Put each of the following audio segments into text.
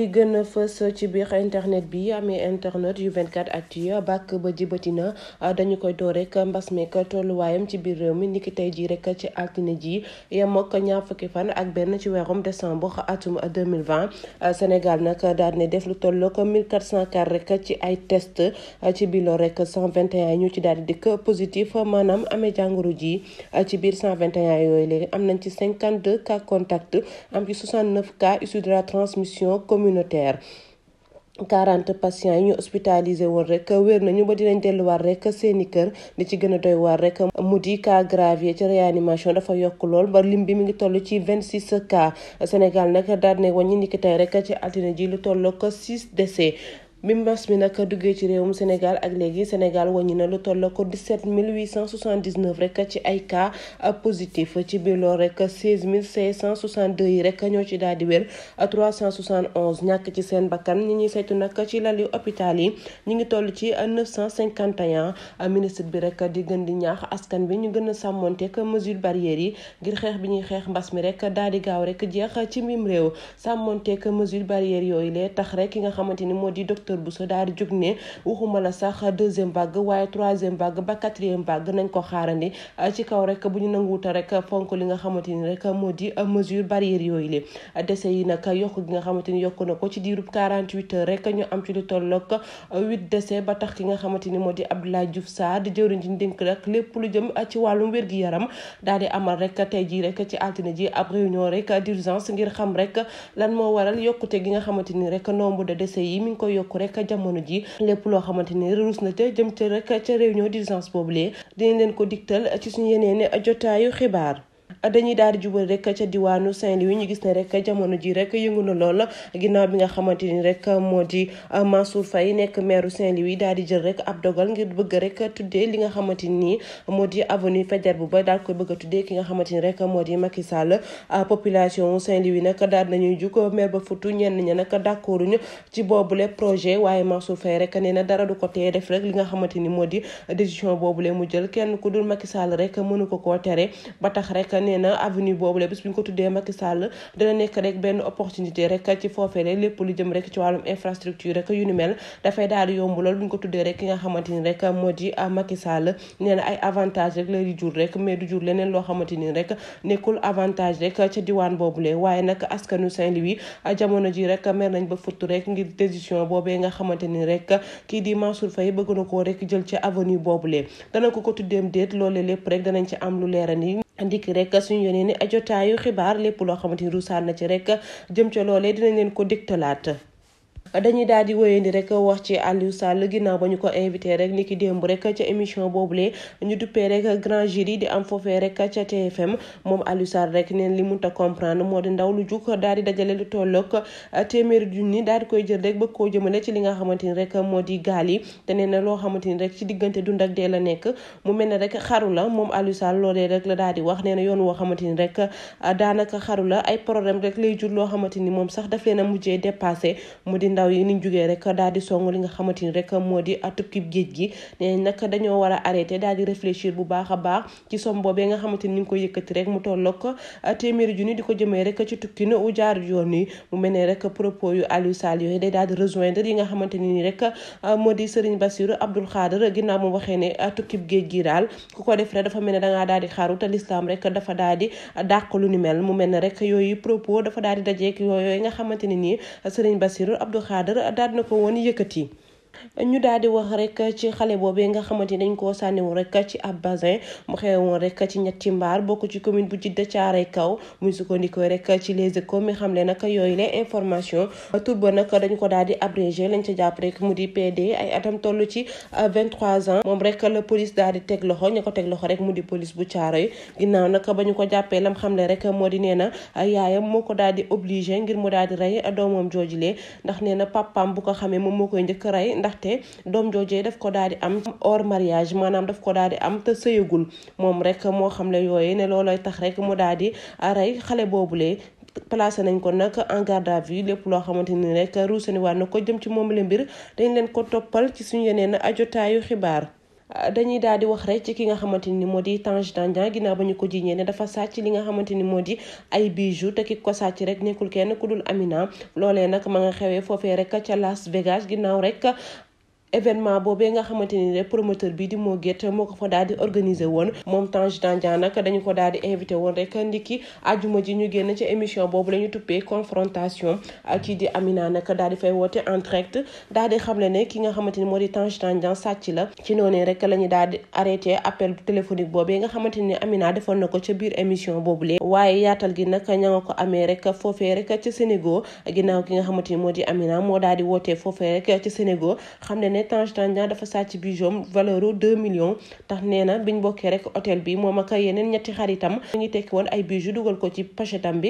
li gën a fës ci biir internet bi amee internet yu 24 actu bàkk ba jibati na dañu koy door rek mbas meek tolluwaayam ci biir réew mi niki tey jii rek ci altine ji yem ak ñaar fukki fan ak benn ci weerum décembre atum 2020 Sénégal nag daal ne def lu toll ko 1404 rek ci ay test ci bilo rek 121 ñu ci daal di dikk positif maanaam amee jàngoro ji ci biir 121 yooyu léegi am nañ ci 52 cas contact am ci 69 cas issus de la transmission commune. communautaire 40 patients yi ñu hospitalisé woon rek na ñu ba dinañ delluwaat rek seeni kër li ci gën a doy waar rek mu di cas grave ci réanimation dafa yokk lool ba lim bi mi ngi toll ci 26 cas Sénégal nag daal ne wàññi niki tey rek ci altine ji lu toll ko 6 décès bi mbas mi nag duggee ci réewum Sénégal ak léegi Sénégal wàññi na lu toll ko 17 879 rek ci ay cas positif ci biir loolu rek 16 562 yi rek ñoo ci daal di wér 371 ñàkk ci seen bakkan ñi ñuy saytu nag ci lali hôpital yi ñu ngi toll ci 951 ministre bi rek di gën di ñaax askan bi ñu gën a sàmmonteeg mesure barrières yi ngir xeex bi ñuy xeex mbas mi rek daal di gaaw rek jeex ci mim réew sàmmonteeg mesure barrières yooyu lee tax rek ki nga xamante ni moo di docteur docteur Bousso daal jóg ne waxuma la sax deuxième vague waaye troisième vague ba quatrième vague nañ ko xaarandi ah, ci kaw rek bu ñu nanguwute rek fonk li nga xamante ni rek moo di ah, mesure barrière yooyu li dese yi nag yokk gi nga xamante ni na ko ci diirub 48 heures rek ñu am ci ah, ni moo di Abdoulaye Diouf Sarr di jëwriñ ji ñu dénk rek lépp lu jëm ci wàllum wér-gi-yaram daal amal rek tey jii rek ci altine ab réunion rek d'urgence ngir xam rek lan moo waral yokkute gi nga xamante ni rek nombre de décès yi mi ngi koy yokk rek jamono ji lépp loo xamante ni ruus na te jëm ca rek ca réunion d'urgence boobu lee dinañ leen ko digtal ci suñu yeneen jotaayu xibaar dañuy daal di jubal rek ca diwaanu saint wi ñu gis ne rek jamono ji rek yëngu na lool ginnaaw bi nga xamante ni rek moo di euh, Mansour Faye nekk maire Saint-Louis daal di rek ab dogal ngir bëgg rek tuddee li nga xamante ni moo di avenue Faidherbe ba daal koy bëgg a tuddee ki nga xamante ni rek moo di Macky Sall euh, population Saint-Louis nag daal nañuy jug maire ba futu ñenn ña nag d'accorduñu ci boobule projet waaye Mansour Faye rek nee na dara du ko tee def li nga xamante ni moo di décision boobule mu jël kenn ku dul Macky Sall rek mënu ko koo tere ba tax rek nee na avenue boobu la bis bu ñu ko tuddee Macky Sall dana nekk rek benn opportunité rek ci foofee le lépp lu jëm rek ci wàllum infrastructure rek yu ni mel dafay daal di yomb lool bu ko tuddee rek ki nga xamante ni rek moo di ah, Macky Sall nee na ay avantage rek lay rek mais du jur leneen loo xamante ni rek nekkul avantage rek ca diwaan boobule waaye nag askanu Saint-Louis ah, jamono ji rek mer nañ ba futt rek ngir décision boobee nga xamante ni rek kii di Mansour Faye bëgg na koo rek jël ci avenue boobule dana ko ko tuddeem déet loolee lépp rek danañ ci am lu leera ni ndikki rek suñu yónnee ni jotaayu xibaar lépp loo xamante ni ruusaan na ci rek jëm ca loolee dina leen ko digtalaat dañuy daal di wéyandi rek wax ci Aliou Sall ginnaaw ba ñu ko invité rek ni ki démb rek ca émission lee ñu duppee rek grand jury di am foofee rek ca moom Aliou Sall rek neen li mënut a moo di ndaw lu daal di dajale lu tolloog téeméeri junni daal di koy jël rek bëgg koo jëmale ci li nga xamante ni rek moo di gaal yi te nee loo xamante ni rek ci diggante dund ak dee la nekk mu mel ne rek xaru la moom Aliou Sall loolee rek la daal di wax nee na yoon woo xamante ni rek daanaka xaru la ay problème rek lay jur loo xamante ni moom sax daf leen a mujjee dépassé mu di ndaw yi niñ jugee rek daal di song li nga xamante ni rek moo di tukkib géej gi nee nag dañoo war a arrêté daal di a baax ci som ni ñu ko yëkkati rek mu tolloog téeméeri junni di ko jëmee rek ci tukkin u jaar yoon yi mu mel ne rek propos yu Aliou Sall yooyu day daal di rejoindre yi nga xamante ni ni rek moo di Serigne Bassirou Abdoul Khadr ginnaaw mu waxee ne tukkib géej gi daal ku ko def rek dafa mel ne dangaa daal di xaru te l'islam rek dafa daal di dàq lu ni mel mu mel ne rek yooyu propos dafa daal di dajeek yooyu nga xamante ni nii Serigne Bassirou Abdoul xaadar daal na ko woon yëkkati ñu daal di wax rek ci xale boobee nga xamante ni dañ koo sànniwu rek ci ab basin mu xewoon rek ci ñetti mbaar bokk ci commune bu Djiddah Thiaroye Kaw mu sukkandikoo rek ci Les Échos xam le nag yooyu les information tur ba nag dañ ko daal di abrégé lañ ca jàpp rek mu di PD ay atam toll ci 23 ans moom rek la police daal di teg loxo ñu ko teg loxo rek mu di police bu Thiaroye ginnaaw nag ba ñu ko jàppee lam xam le rek moo di nee na yaayam moo ko daal di obligé ngir mu daal di rey doomam joojule ndax nee na papam bu ko xamee moom moo koy njëkk rey ndaxte doom joojee daf ko daal di am hors mariage maanaam daf ko daal di am te sëyagul moom rek moo xam le yooyu ne looloy tax rek mu daal di rey xale boobulee placé nañ ko nag en garde à vue lépp loo xamante ni rek ruusani na ko jëm ci moom la mbir dañ leen ko toppal ci suñu yeneen ajotaayu xibaar dañuy daal di wax rek ci ki nga xamante ni moo di Tange Tandian ginnaaw ba ñu ko jiiñee ne dafa sàcc li nga xamante ni moo di ay bijoux te ki ko sàcc rek nekkul kenn ku dul Amina loolee nag ma nga xewee foofee rek ca Las Vegas ginnaaw rek événement boobee nga xamante ni rek promoteur bi di moo gétt moo ko fa daal di organiser woon moom Tange Tandian nag dañu ko daal di woon rek ndiki ajuma ji ñu génn ci émission boobu la ñu tuppee confrontation ak kii di Amina nag daal di fay woote en daal di xamle ne ki nga xamante ni moo di Tange Tandian sàcc la ci noonu rek la ñu daal di arrêté appel téléphonique boobee nga xamante ni Amina defoon na ko ca biir émission boobu lee waaye yaatal gi nag ña ko amee rek foofee rek ci Sénégal ginnaaw ki nga xamante ni moo di Amina moo daal di wootee foofee rek ci Sénégal xam ne ne Tange dafa sàcc bijoum valeur u deux millions tax nee na biñ bokkee rek hôtel bi moom ak yeneen ñetti xaritam ñu tekki woon ay bijoux dugal ko ci pochetam bi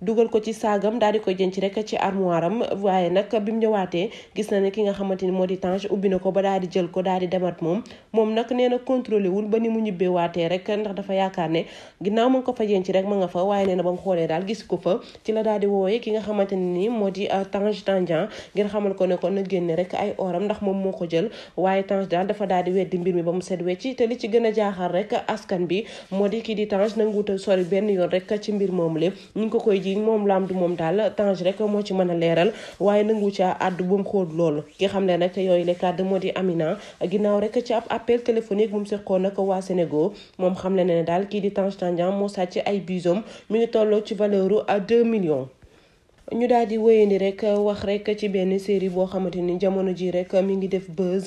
dugal ko ci saagam daal di koy jën ci rek ci armoire am waaye nag bi mu ñëwaatee gis na ne ki nga xamante ni moo di Tange ubbi na ko ba daal di jël ko daal di demat moom moom nag nee na wul ba ni mu ñibbee rek ndax dafa yaakaar ne ginnaaw ma ko fa jën rek ma nga fa waaye nee na ba mu xoolee daal gis ko fa ci la daal di wooyee ki nga xamante ne ni moo di euh, Tange Tandian ngeen xamal ko ne ko na génne rek ay oram ndax moom moo ko jël waaye Tange daal dafa dal di weddi mbir mi ba mu set wecci te li ci gën a jaaxal rek askan bi moo di kii di Tange nanguuta sori benn yoon rek ci mbir moom le ñu ngi ko koy gi moom lamdu moom daal Tange rek moo ci mën a leeral waaye nangu ca àddu bu mu xóot loolu ki xam ne nag yooyu le kàddu di Amina ginnaaw rek ci ab appel téléphonique moom seqoon nag waa Sénégal moom xam le ne daal kii di Tange Tandian moo sàcc ay bisom mi ngi tolloo ci valeur u 2 millions ñu daal di wéyandi rek wax rek ci benn série boo xamante ni jamono ji rek mi ngi def buzz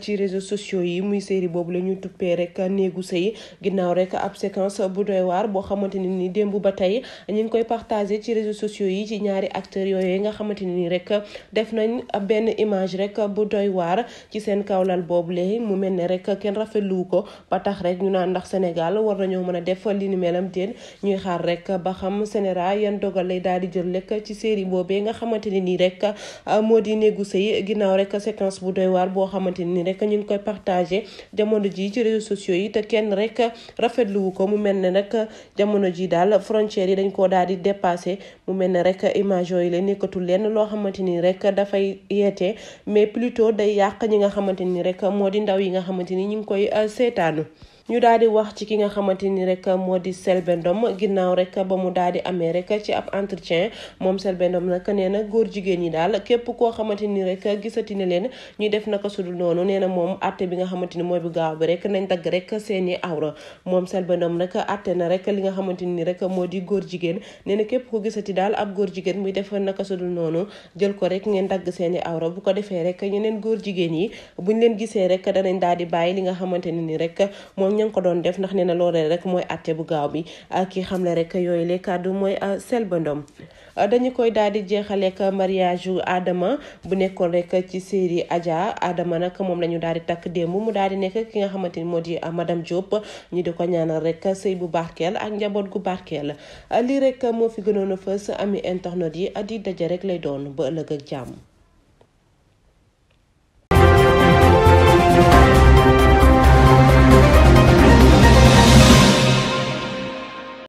ci réseau sociaux yi muy série boobu la ñu tuppee rek néegu sëy ginnaaw rek ab séquence bu doy waar boo xamante ne ni démb ba tey ñu ngi koy partagé ci réseaux sociaux yi ci ñaari acteurs yooyu nga xamante ne ni rek def nañ benn image rek bu doy waar ci seen kawlal boobu lee mu mel ne rek kenn rafetlu ko ba tax rek ñu naan ndax Sénégal war nañoo mën a def li ni melam déen ñuy xaar rek ba xam Sénégal yan dogal lay daal di jël rek série boobee nga xamante ne nii rek ah, moo di néegu sëy ginnaaw rek séquence bu doy waar boo xamante ne nii rek ñu ngi koy partagé jamono ji ci réseaux sociaux yi te kenn rek rafetluwu ko mu mel ne nag jamono ji daal frontières yi dañ koo daal di dépassé mu mel ne rek image yooyu la nekkatul lenn loo xamante ni rek dafay yeete mais plutôt day yàq ñi nga xamante ni rek moo di ndaw yi nga xamante ni ñu ngi koy ah, seetaanu ñu daal di wax ci ki nga xamante nii rek moo di Selbé Ndom ginnaaw rek ba mu daal di amee rek ci ab entretien moom Selbé Ndom nag nee na góor jigéen ñi daal képp koo xamante ni rek gisati na leen ñuy def naka sudul noonu nee na moom atte bi nga xamante ni mooy bu gaaw bi nañ dagg rek seeni awra moom Selbé Ndom nag atte na rek li nga xamante ni rek moo di góor jigéen nee na képp ko gisati daal ab góor jigéen muy def naka sudul noonu jël ko rek ngeen dagg seeni awra bu ko defee rek ñeneen góor jigéen yi ñu leen gisee rek danañ daal di bàyyi li nga xamante ni rek moom ña ko doon def ndax nee na loolee rek mooy atte bu gaaw bi ak ah, ki xamle rek yooyu le kàddu mooy ah, Selbé Ndom ah, dañu koy daal di jeexaleek mariage yu Adama bu nekkoon rek ci série Adja Adama nag moom la ñu daal di takk démb mu daal di nekk ki nga xamante ni moo di madame Diop ñu di ko ñaanal rek sëy bu barkeel ak njaboot gu barkeel lii rek moo fi gënoon a fës ami internet yi di daje rek lay doon ba ëllëg ak jàmm.